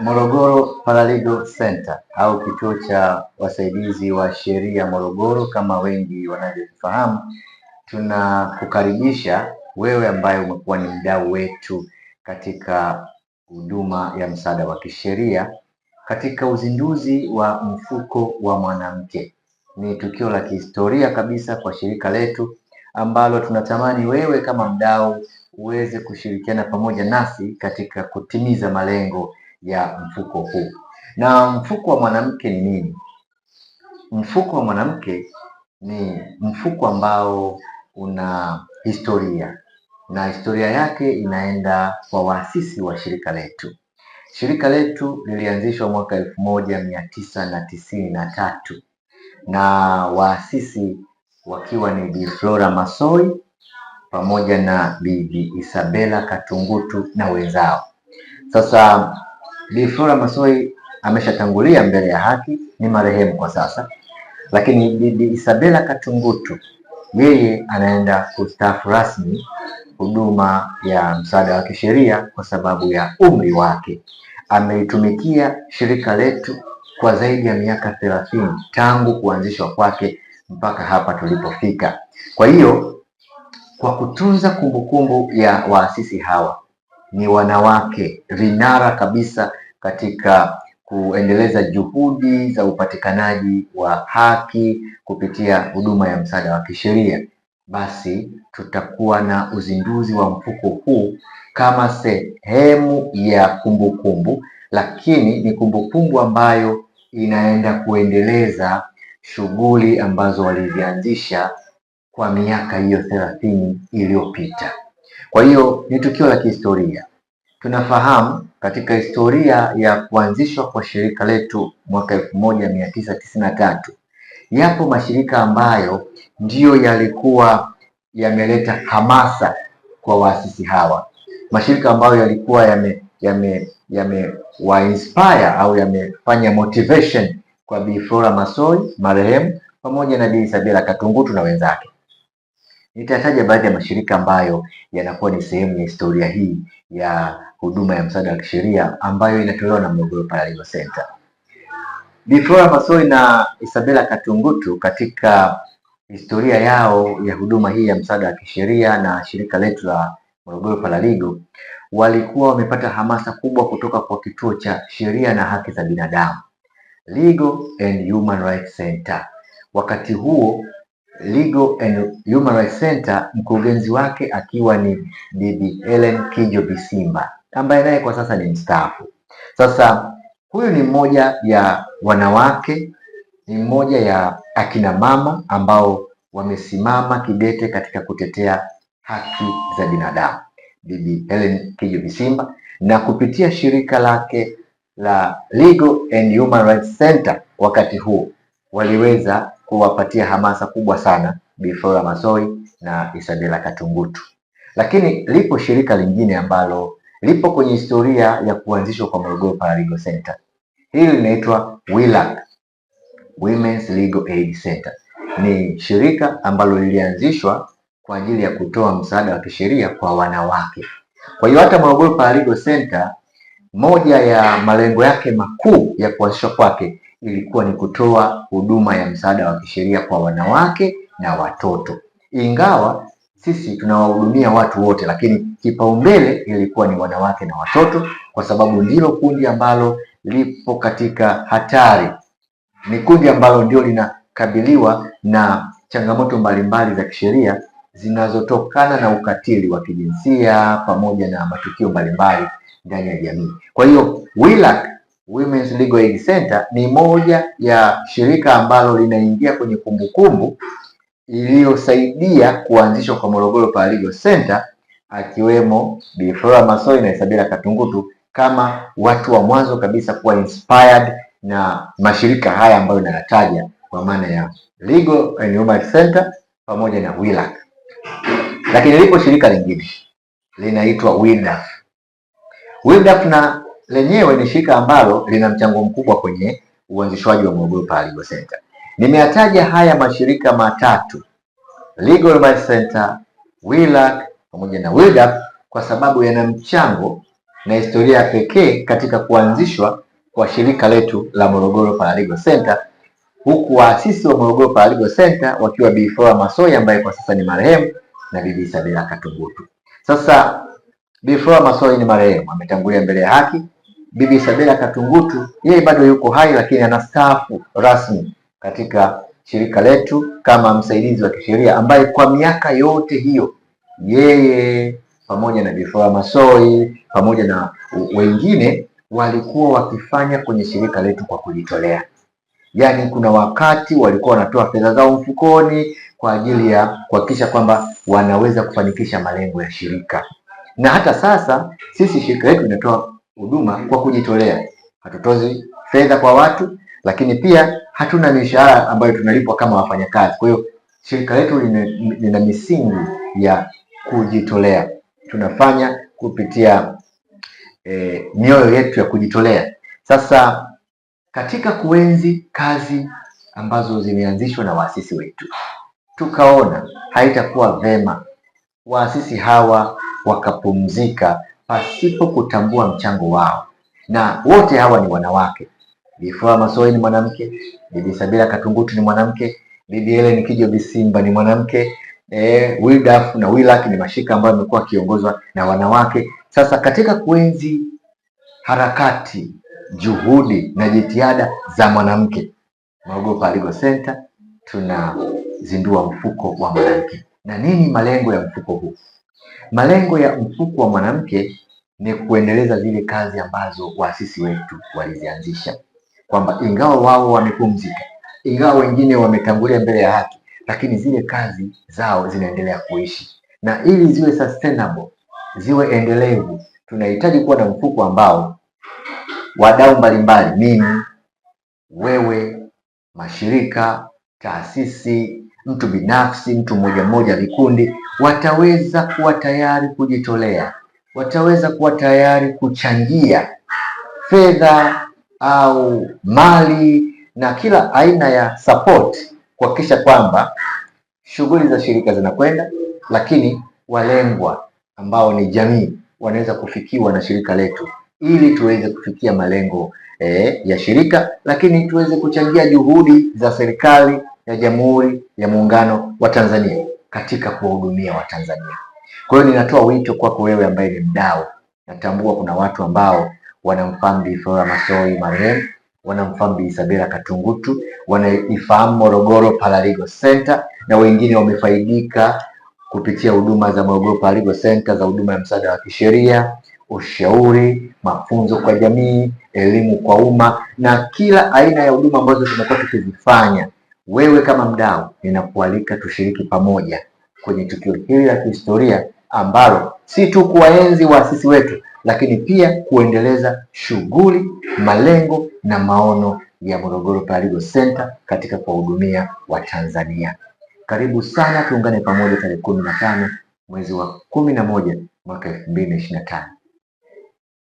Morogoro Paralegal Center au kituo cha wasaidizi wa sheria Morogoro, kama wengi wanavyofahamu, tunakukaribisha wewe ambaye umekuwa ni mdau wetu katika huduma ya msaada wa kisheria katika uzinduzi wa mfuko wa mwanamke. Ni tukio la kihistoria kabisa kwa shirika letu ambalo tunatamani wewe kama mdau uweze kushirikiana pamoja nasi katika kutimiza malengo ya mfuko huu. Na mfuko wa mwanamke ni nini? Mfuko wa mwanamke ni mfuko ambao una historia na historia yake inaenda kwa waasisi wa shirika letu. Shirika letu lilianzishwa mwaka elfu moja mia tisa na tisini na tatu na waasisi wakiwa ni Bi Flora Masoi pamoja na Bibi Isabela Katungutu na wenzao. Sasa Bi Flora Masoi ameshatangulia mbele ya haki, ni marehemu kwa sasa, lakini Bibi Isabela Katungutu yeye anaenda kustaafu rasmi huduma ya msaada wa kisheria kwa sababu ya umri wake. Ameitumikia shirika letu kwa zaidi ya miaka thelathini tangu kuanzishwa kwake mpaka hapa tulipofika. Kwa hiyo, kwa kutunza kumbukumbu ya waasisi hawa ni wanawake vinara kabisa katika kuendeleza juhudi za upatikanaji wa haki kupitia huduma ya msaada wa kisheria, basi tutakuwa na uzinduzi wa mfuko huu kama sehemu ya kumbukumbu kumbu, lakini ni kumbukumbu kumbu ambayo inaenda kuendeleza shughuli ambazo walizianzisha kwa miaka hiyo thelathini iliyopita. Kwa hiyo ni tukio la kihistoria. Tunafahamu katika historia ya kuanzishwa kwa shirika letu mwaka elfu moja mia tisa tisini na tatu yapo mashirika ambayo ndiyo yalikuwa yameleta hamasa kwa waasisi hawa, mashirika ambayo yalikuwa yame yame yamewainspire au yamefanya motivation kwa Bi Flora Masoi marehemu pamoja na Bi Sabela Katungutu na wenzake. Nitataja baadhi ya mashirika ambayo yanakuwa ni sehemu ya historia hii ya huduma ya msaada wa kisheria ambayo inatolewa na Morogoro Paralegal Center. Bi Flora Masoi na Isabella Katungutu katika historia yao ya huduma hii ya msaada wa kisheria na shirika letu la Morogoro Paralegal walikuwa wamepata hamasa kubwa kutoka kwa kituo cha sheria na haki za binadamu Legal and Human Rights Center. Wakati huo Legal and Human Rights Center, mkurugenzi wake akiwa ni Bibi Ellen Kijo Bisimba ambaye naye kwa sasa ni mstaafu. Sasa huyu ni mmoja ya wanawake, ni mmoja ya akina mama ambao wamesimama kidete katika kutetea haki za binadamu, Bibi Ellen Kijo Bisimba, na kupitia shirika lake la Legal and Human Rights Center wakati huo waliweza kuwapatia hamasa kubwa sana Bi Flora Masoi na Isabela Katungutu. Lakini lipo shirika lingine ambalo lipo kwenye historia ya kuanzishwa kwa Morogoro Paralegal Center. Hili linaitwa WILAC, Women's Legal Aid Center. Ni shirika ambalo lilianzishwa kwa ajili ya kutoa msaada wa kisheria kwa wanawake. Kwa hiyo hata Morogoro Paralegal Center moja ya malengo yake makuu ya kuanzishwa kwake ilikuwa ni kutoa huduma ya msaada wa kisheria kwa wanawake na watoto. Ingawa sisi tunawahudumia watu wote, lakini kipaumbele ilikuwa ni wanawake na watoto, kwa sababu ndilo kundi ambalo lipo katika hatari. Ni kundi ambalo ndio linakabiliwa na changamoto mbalimbali za kisheria zinazotokana na ukatili wa kijinsia pamoja na matukio mbalimbali ndani ya jamii. Kwa hiyo WiLAC Women's Legal Aid Center ni moja ya shirika ambalo linaingia kwenye kumbukumbu iliyosaidia kuanzishwa kwa Morogoro Paralegal Center, akiwemo Bi Flora Masoi na Isabella Katungutu kama watu wa mwanzo kabisa kuwa inspired na mashirika haya ambayo nayataja kwa maana ya Legal and Human Center pamoja na WiLAC. Lakini lipo shirika lingine linaitwa WiDAF. WiDAF na lenyewe ni shirika ambalo lina mchango mkubwa kwenye uanzishwaji wa Morogoro Paralegal Center. Nimeyataja haya mashirika matatu Legal Mind Center, WiLAC pamoja na WiLDAP kwa sababu yana mchango na historia ya pekee katika kuanzishwa kwa shirika letu la Morogoro Paralegal Center, huku waasisi wa Morogoro Paralegal Center wakiwa Bi Flora Masoya ambaye kwa sasa ni marehemu na Bibi Isabela Katumbutu. Sasa Bi Flora Masoya ni marehemu, ametangulia mbele ya haki. Bibi Isabela Katungutu, yeye bado yuko hai, lakini anastaafu rasmi katika shirika letu kama msaidizi wa kisheria, ambaye kwa miaka yote hiyo yeye pamoja na Bifoa Masoi pamoja na wengine walikuwa wakifanya kwenye shirika letu kwa kujitolea. Yaani, kuna wakati walikuwa wanatoa fedha zao mfukoni kwa ajili ya kuhakikisha kwamba wanaweza kufanikisha malengo ya shirika, na hata sasa sisi shirika letu linatoa huduma kwa kujitolea, hatutozi fedha kwa watu, lakini pia hatuna mishahara ambayo tunalipwa kama wafanyakazi. Kwa hiyo shirika letu lina misingi ya kujitolea, tunafanya kupitia e, mioyo yetu ya kujitolea. Sasa katika kuenzi kazi ambazo zimeanzishwa na waasisi wetu, tukaona haitakuwa vema waasisi hawa wakapumzika pasipo kutambua mchango wao, na wote hawa ni wanawake. Bifua Masoi ni mwanamke, Bibi Sabira Katungutu ni mwanamke, Bibi Helen Kijo Bisimba ni mwanamke. eh, Wildaf na Wilak ni mashika ambayo yamekuwa akiongozwa na wanawake. Sasa katika kuenzi harakati, juhudi na jitihada za mwanamke, Maogopa Legal Center tunazindua mfuko wa mwanamke. Na nini malengo ya mfuko huu? Malengo ya mfuko wa mwanamke ni kuendeleza zile kazi ambazo waasisi wetu walizianzisha, kwamba ingawa wao wamepumzika, ingawa wengine wametangulia mbele ya haki, lakini zile kazi zao zinaendelea kuishi, na ili ziwe sustainable, ziwe endelevu, tunahitaji kuwa na mfuko ambao wadau mbalimbali, mimi, wewe, mashirika, taasisi mtu binafsi, mtu mmoja mmoja, vikundi, wataweza kuwa tayari kujitolea, wataweza kuwa tayari kuchangia fedha au mali na kila aina ya support kuhakikisha kwamba shughuli za shirika zinakwenda, lakini walengwa ambao ni jamii wanaweza kufikiwa na shirika letu ili tuweze kufikia malengo eh, ya shirika, lakini tuweze kuchangia juhudi za serikali ya Jamhuri ya Muungano wa Tanzania katika kuwahudumia Watanzania. Kwa hiyo ninatoa wito kwako wewe ambaye ni mdau. Natambua kuna watu ambao wanamfahamu Bi Flora Masoi marehemu, wanamfahamu Bi Isabela Katungutu, wanaifahamu Morogoro Paralegal Center na wengine wamefaidika kupitia huduma za Morogoro Paralegal Center za huduma ya msaada wa kisheria, ushauri, mafunzo kwa jamii, elimu kwa umma na kila aina ya huduma ambazo tumekuwa tukizifanya wewe kama mdau, ninakualika tushiriki pamoja kwenye tukio hili la kihistoria ambalo si tu kuwaenzi waasisi wetu, lakini pia kuendeleza shughuli, malengo na maono ya Morogoro Paralegal Center katika kuwahudumia Watanzania. Karibu sana, tuungane pamoja tarehe kumi na tano mwezi wa kumi na moja mwaka elfu mbili na ishirini na tano.